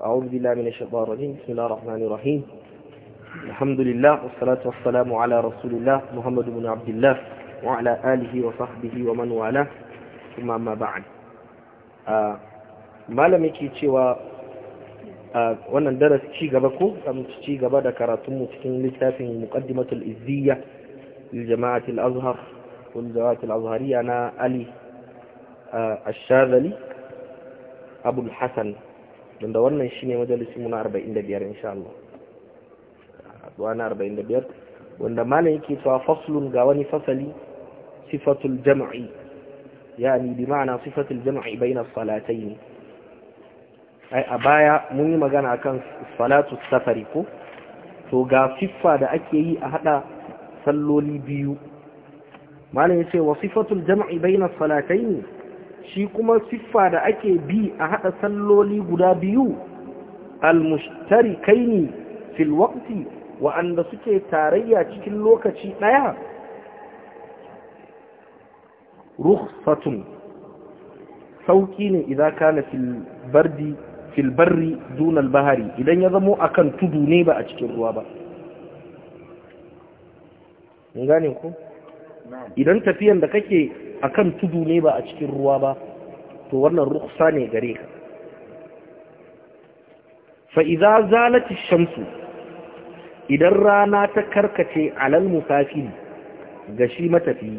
أعوذ بالله من الشيطان الرجيم بسم الله الرحمن الرحيم الحمد لله والصلاة والسلام على رسول الله محمد بن عبد الله وعلى آله وصحبه ومن والاه ثم ما بعد آه، ما لم يكي تشيوا آه، وانا ندرس شي غبكو كم تشي غبا كراتم تكين لتافين مقدمة الإزية للجماعة الأزهر والجماعة الأزهرية أنا ألي آه، الشاذلي أبو الحسن don da wannan shine majalisin mu na 45 insha Allah haduwa na 45 wanda malam yake cewa faslun ga wani fasali sifatul jam'i yani bi ma'ana sifatul jam'i bayna salatayn ai a baya mun yi magana akan salatu safari ko to ga siffa da ake yi a hada salloli biyu malam yace wa sifatul jam'i bayna salatayn shi kuma siffa da ake bi a haɗa salloli guda biyu almushtari kaini fil waqti wa'anda suke tarayya cikin lokaci ɗaya rukhsatun sauƙi ne idan na fil bardi fil bahari idan ya zamo akan tudu ne ba a cikin ruwa ba gane ku idan tafiyan da kake akan tudu ne ba a cikin ruwa ba to wannan ruksa ne gare ka fa'iza zalati shamsu idan rana ta karkace alal musafiri ga shi matafi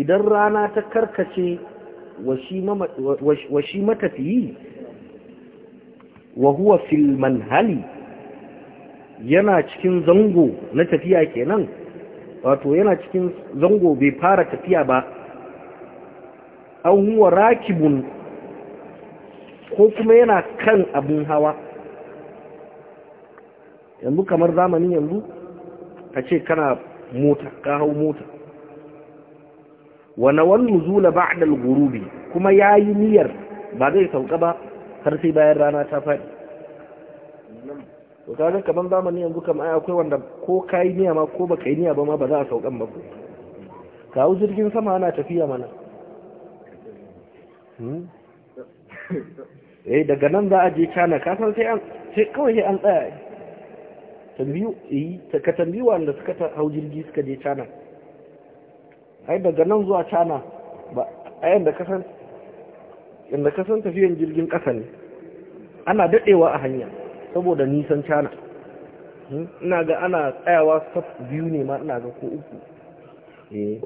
idan rana ta karkace wa shi matafiyi wa huwa fil yana cikin zango na tafiya kenan wato yana cikin zango bai fara tafiya ba an huwa rakibun ko kuma yana kan abin hawa yanzu kamar zamanin yanzu ka ce kana mota ka hau mota wa nawal nuzula ba'da ghurubi kuma yayi niyyar ba zai sauka ba har sai bayan rana ta faɗi to ga kaman zamani yanzu ai akwai wanda ko kai niyya ma ko baka yi niyya ba ma ba za a saukan ba ko ka jirgin sama ana tafiya mana hmm? eh daga nan za a je China ka san sai an sai kawai sai an tsaya tambiyu eh ka tambi wanda suka ta hau jirgi suka je China ai daga nan zuwa China ba ayan ka san inda san tafiyan jirgin kasa ne ana dadewa a hanya saboda nisan cana hmm? ina ga ana tsayawa sub biyu ne ma ina ga ko uku eh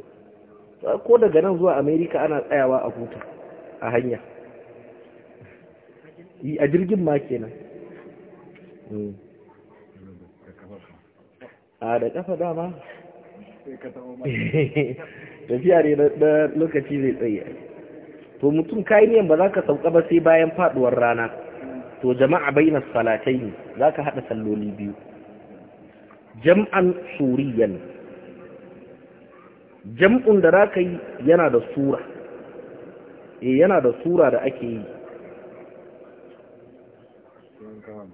ko daga nan zuwa america ana tsayawa a huta a hanya a jirgin ma kenan hmm. a da kafa dama tafiya ne na lokaci zai tsaye to mutum kayi niyan ba za ka sauka ba sai bayan faduwar rana to jama'a bainas salatayn zaka hada salloli biyu jam'an suriyan jam'un da zaka yi yana da sura eh yana da sura da ake yi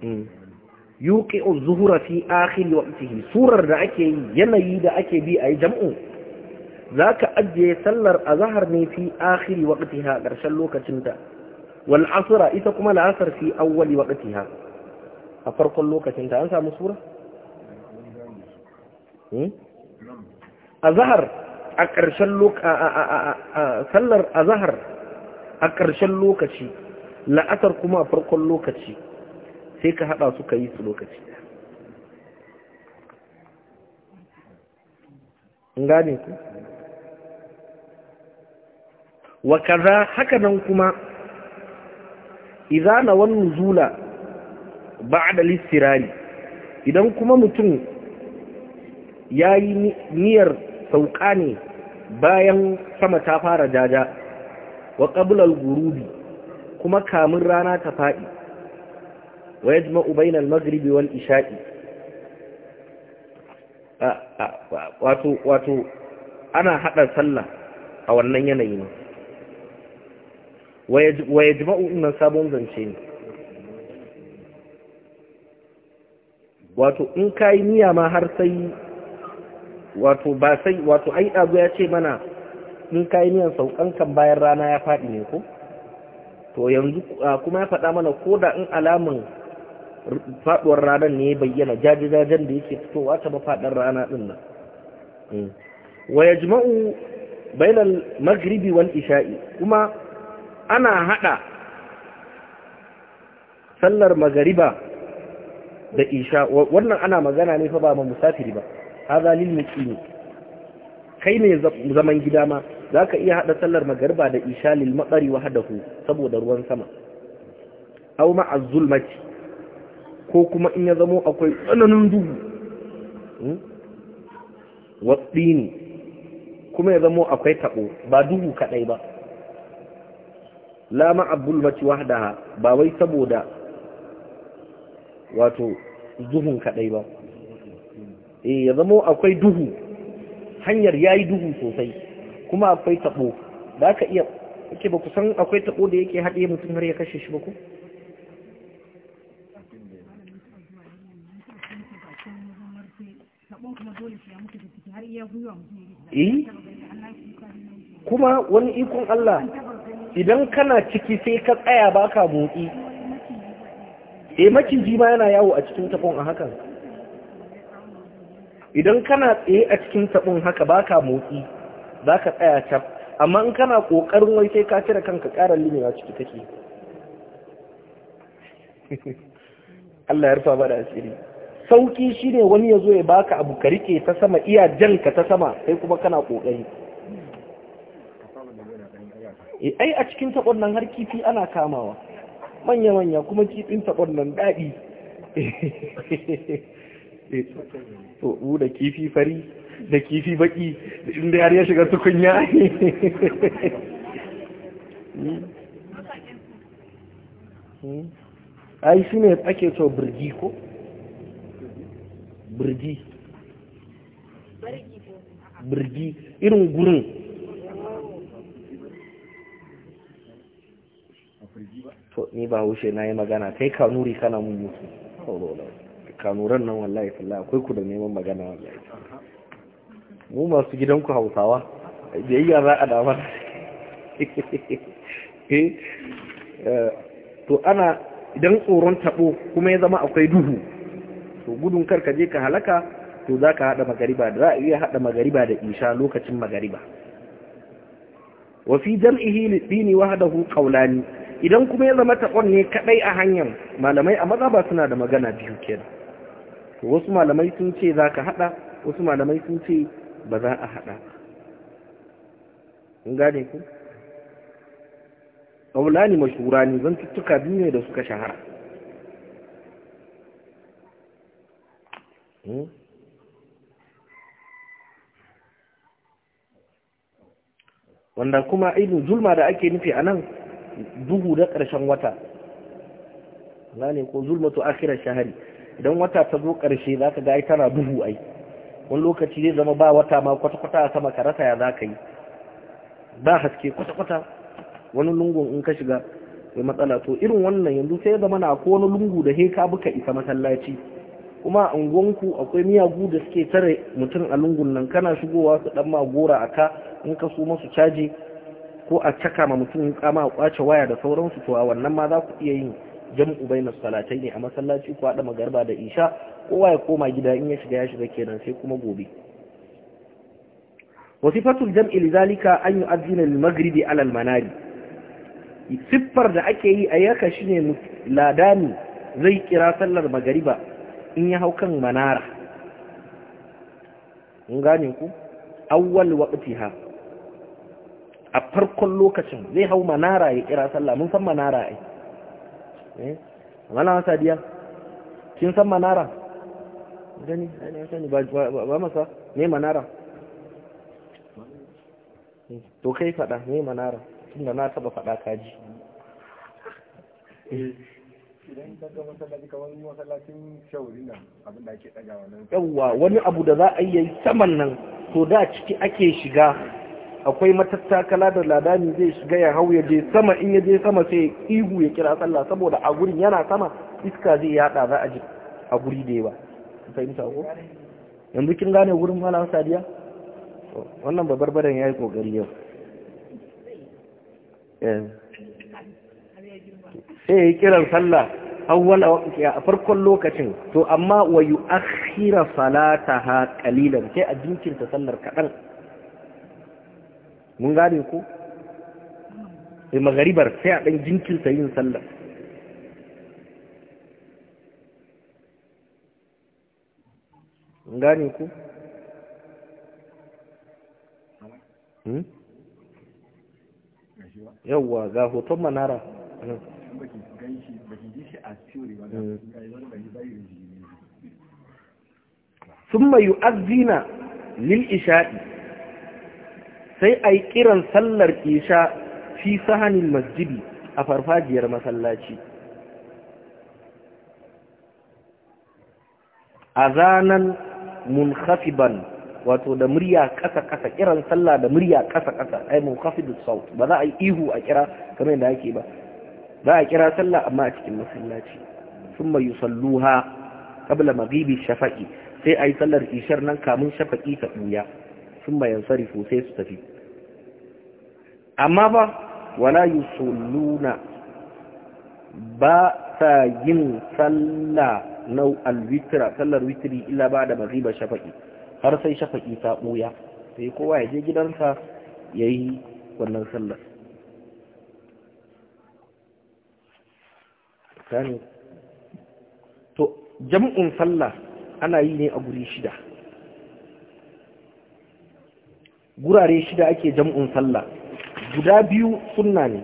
hmm. yuqi az-zuhra fi akhir waqtihi surar da ake yi yanayi da ake bi ayi jam'u zaka ajiye sallar azhar ne fi akhir waqtiha karshen lokacinta wal asra ita kuma la'asar fi awwali waqtiha a farkon lokacin ta an samu sura hmm? a zahar a ƙarshen sallar a zahar a ƙarshen lokaci la'asar kuma a farkon lokaci sai ka haɗa su ka yi su lokaci gane ku wa kaza haka nan kuma idza wan nuzula ba'da listirari idan kuma mutum yayi niyyar sauka ne bayan sama ta fara jaja wa qabla gurubi, kuma kamun rana ta faɗi, wa yajma'u bayna al-maghribi wal wato ana haɗa sallah a wannan yanayi ne wa yajma'u nan sabon zance ne wato in ka yi niyya ma har sai wato ba sai wato ai ɗago ya ce mana in ka yi niyan saukan kan bayan rana ya faɗi ne ko to yanzu kuma ya faɗa mana ko da in alamun faɗuwar ranar ne ya bayyana jajijajen da yake fitowa ta mafaɗar rana ɗin nan mm. wa yajma'u bainal maghribi wal isha'i kuma ana haɗa sallar magariba da isha wannan ana magana ne fa ba ma musafiri ba haza lil muqimi kai ne zaman gida ma zaka iya hada sallar magariba da isha lil maqari hadahu saboda ruwan sama aw ma az-zulmati ko kuma in ya zamo akwai tsananin duhu hmm? tsini kuma ya zamo akwai tabo ba duhu kadai ba lama abul mace wahdaha ba wai saboda wato duhun kadai ba E ya zamo akwai duhu hanyar yayi duhu sosai kuma akwai tabo da ka iya kike ba kusan akwai tabo da yake haɗe mutum har ya kashe shi ba ku eh, kuma wani ikon Allah idan kana ciki sai ka tsaya baka motsi e maciji ma yana yawo a cikin tafon a hakan idan kana tsaye a cikin tafon haka baka motsi ka tsaya cap amma in kana kokarin wai sai ka cire kanka karar a ciki take Allah ya rufa ba da asiri sauki ne wani ya zo ya baka abu ka rike ta sama iya janka ta sama sai kuma kana kokari Eh, ai a cikin taɓon nan har kifi ana kamawa manya-manya kuma kifin taɓon nan daɗi eh, to u da kifi fari da kifi baƙi, da inda har ya shiga tukunya hmm. ai shi ne ake so birgi ko birgi birgi irin gurin to ni ba haushe na yi magana kai kanuri kana mun mutu kanuran nan wallahi sallah akwai ku da neman magana wallahi mu masu gidanku hausawa biyayya za a damar eh, eh, to ana idan tsoron taɓo kuma ya zama akwai duhu to gudun kar ka je ka halaka to za ka haɗa magariba da za a iya haɗa magariba da isha lokacin magariba wafi jam'ihi litsini wahadahu qawlani idan kuma ya zama taɓon ne kaɗai a hanyar malamai a ba suna da magana biyu kenan wasu malamai sun ce za ka haɗa wasu malamai sun ce ba za a haɗa In gane ku ne mashura ne zan tuttuka biyu ne da suka shahara hmm? wanda kuma ainihin zulma da ake nufi a nan duhu na ƙarshen wata gane ko zulmatu akhirar shahari idan wata ta zo ƙarshe za ka ga ai tana duhu ai wani lokaci zai zama ba wata ma kwata-kwata a sama ka rasa ya za ka yi ba haske kwata-kwata wani lungun in ka shiga mai matsala to irin wannan yanzu sai ya zama na ko wani lungu da heka buka isa masallaci kuma a unguwanku akwai miyagu da suke tare mutum a lungun nan kana shigowa su ɗan magora, a ka in ka so masu caji ko a caka ma mutum kama a kwace waya da sauransu to a wannan ma za ku iya yin jam'u bainas salatai ne a masallaci ko haɗa magarba da isha ko waya koma gida in ya shiga ya shiga kenan sai kuma gobe wasifatul jam'i lidhalika an yu'adhdhina lil maghribi ala manari siffar da ake yi a yaka shine ladani zai kira sallar magariba in ya hau kan manara mun gane ku awwal waqtiha a farkon lokacin zai hau manara ya kira sallah mun san manara ai eh? mana sadiya kin san manara gani ai sani ba ba masa ne manara to kai fada ne manara tunda na taba fada kaji yawwa wani abu da za a yi saman nan to da ciki ake shiga akwai matattakala da ladani zai shiga ya hau ya je sama in ya je sama sai ihu ya kira sallah saboda a gurin yana sama iska zai yada za a ji a guri da yawa fahimta ko yanzu kin gane gurin malam sadiya wannan babbar badan yayi kokari yau eh. sai ya yi kiran sallah awwal waqti a farkon lokacin to amma wa yu'akhkhira salataha qalilan sai a jinkirta sallar kadan mun gane ko sai eh, magaribar sai a ɗan jinkirta yin sallar mun gane ko hmm? yawwa ga hoton manara ثم يؤذن للإشاء sai a yi kiran sallar isha fi sahanin masjidi a farfajiyar masallaci A azanan munhafiban wato da murya kasa-kasa kiran sallah da murya kasa-kasa ai da saut ba za a yi ihu a kira kamar yadda ake ba za a kira sallah amma a cikin masallaci sun mai salluha kabla magibi shafa'i sai a yi sallar ishar nan kamun shafa'i ta ɗuya sun bayan sarifu sai su tafi amma ba wala yi soluna ba ta yin tsalla na alwitira tsallar witiri illa ba da ba shafa'i har sai shafa'i ta ɓoya. sai kowa ya je gidansa ya yi wannan tsallar to jam'un sallah ana yi ne a guri shida gurare shida ake jam'un sallah guda biyu sunna ne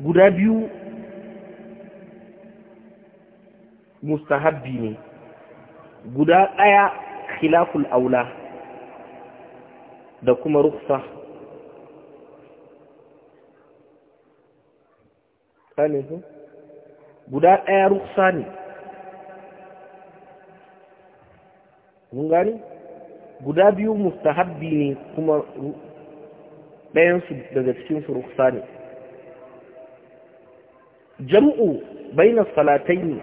guda biyu mustahabbi ne guda ɗaya khilaful aula da kuma ruksa kane su guda ɗaya ruksa ne mun gani guda biyu mustahabbi ne kuma ɗayansu daga cikinsu ruksa ne jam'u baina ne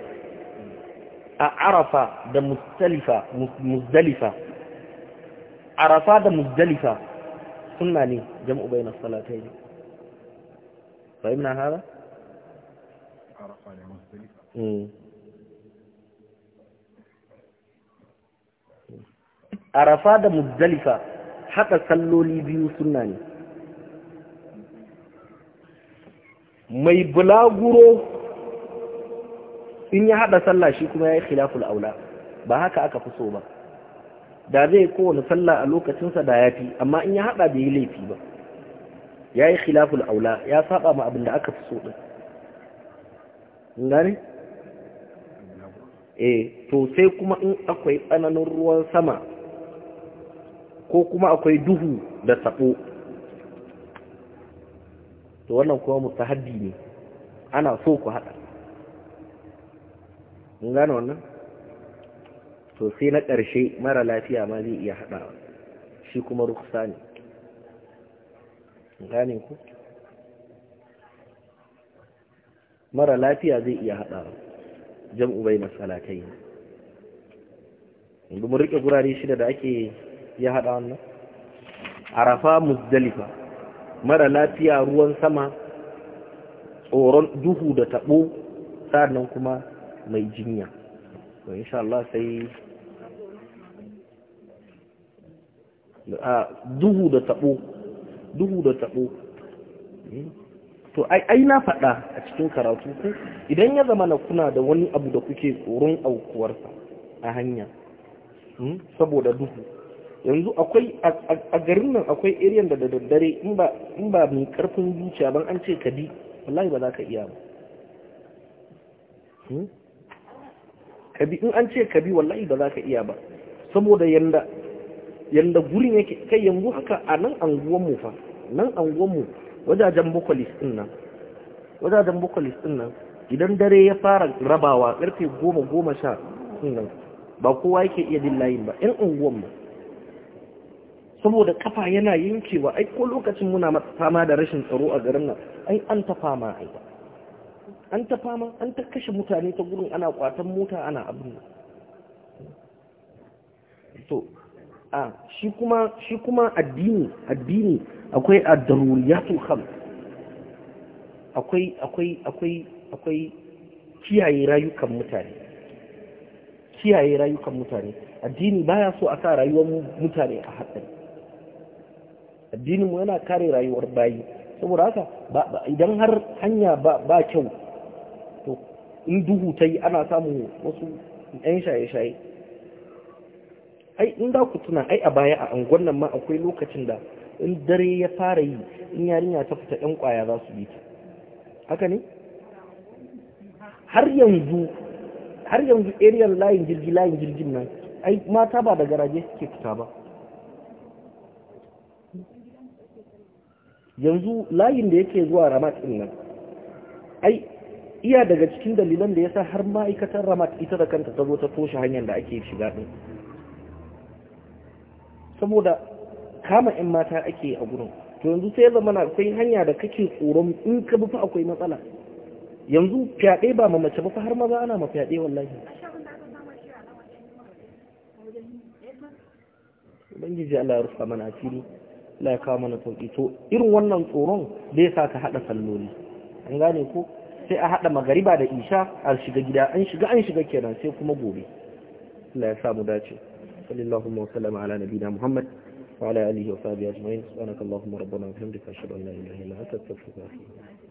a arafa da muzdalifa arafa da muzdalifa suna ne jam'u baina salataini fahimna hada arafa da muzdalifa hmm. arafa da muzdalifa haka salloli biyu suna ne mai bulaguro in ya haɗa sallah shi kuma ya yi khilaful aula ba haka aka fi so ba da zai kowane sallah a lokacinsa da ya fi amma in ya haɗa bai yi laifi ba ya yi khilaful aula ya saba ma abin da aka fi so ɗin gane? eh to sai kuma in akwai tsananin ruwan sama ko kuma akwai duhu da sabo to wannan kuma mustahabbi ne ana so ku haɗa mun gane wannan to sai na ƙarshe mara lafiya ma zai iya hada shi kuma ruksa ne gane ku mara lafiya zai iya hada jam'u bai na salatai yanzu mun riƙe gurare shida da ake ya haɗa wannan arafa muzdalifa mara lafiya ruwan sama tsoron duhu da taɓo sannan kuma mai jinya to insha Allah sai duhu da taɓo duhu da taɓo hmm? to ai na faɗa a cikin karatu ko idan ya zama na kuna da wani abu da kuke tsoron aukuwarsa a hanya hmm? saboda duhu yanzu akwai a garin nan akwai iriyan da daddare in ba mai karfin zuciya ban an ce ka bi wallahi ba za ka iya ba hmm? ka in an ce ka bi wallahi ba za ka iya ba saboda yanda yanda gurin yake kai yanzu haka a nan anguwan mu fa nan anguwan mu wajajen bukwalis din nan wajajen bukwalis din nan idan dare ya fara rabawa karfe goma goma sha nan ba kowa yake iya bin layin ba yan unguwan mu saboda kafa yana yankewa ai ko lokacin muna fama da rashin tsaro a garin nan ai an ta fama ai an ta fama an ta kashe mutane ta gurin ana kwatan mota ana abin nan to a shi kuma shi kuma addini addini akwai ad-daruriyatul khams akwai akwai akwai akwai kiyaye rayukan mutane kiyaye rayukan mutane addini baya so a sa rayuwar mutane a haɗari addinin mu yana kare rayuwar bayi saboda haka idan har hanya ba kyau to in duhu ta yi ana samun wasu 'yan shaye-shaye ai in da ku tuna ai a baya a angon nan ma akwai lokacin da in dare ya fara yi in yarinya ta fita 'yan kwaya za su bi ta haka ne har yanzu har yanzu layin jirgi layin jirgin nan ai mata ba da garaje suke fita ba yanzu layin da yake zuwa ramat din nan ai iya daga cikin dalilan da yasa har ma'aikatar ramat ita da kanta ta zo ta toshe hanyar da ake shiga din saboda kama 'yan mata ake a gurin to yanzu sai zama na akwai hanya da kake tsoron in ka bi akwai matsala yanzu fyaɗe ba ma mace ba fa har maza ana ma fyaɗe wallahi ubangiji Allah ya rufa mana asiri Allah ya kawo mana sauki to irin wannan tsoron da sa ka haɗa salloli an gane ko sai a haɗa magariba da isha a shiga gida an shiga an shiga kenan sai kuma gobe Allah ya samu dace sallallahu wa sallama ala nabiyina muhammad wa ala alihi wa sahbihi ajma'in subhanakallahumma rabbana wa bihamdika ashhadu an la ilaha illa anta astaghfiruka wa atubu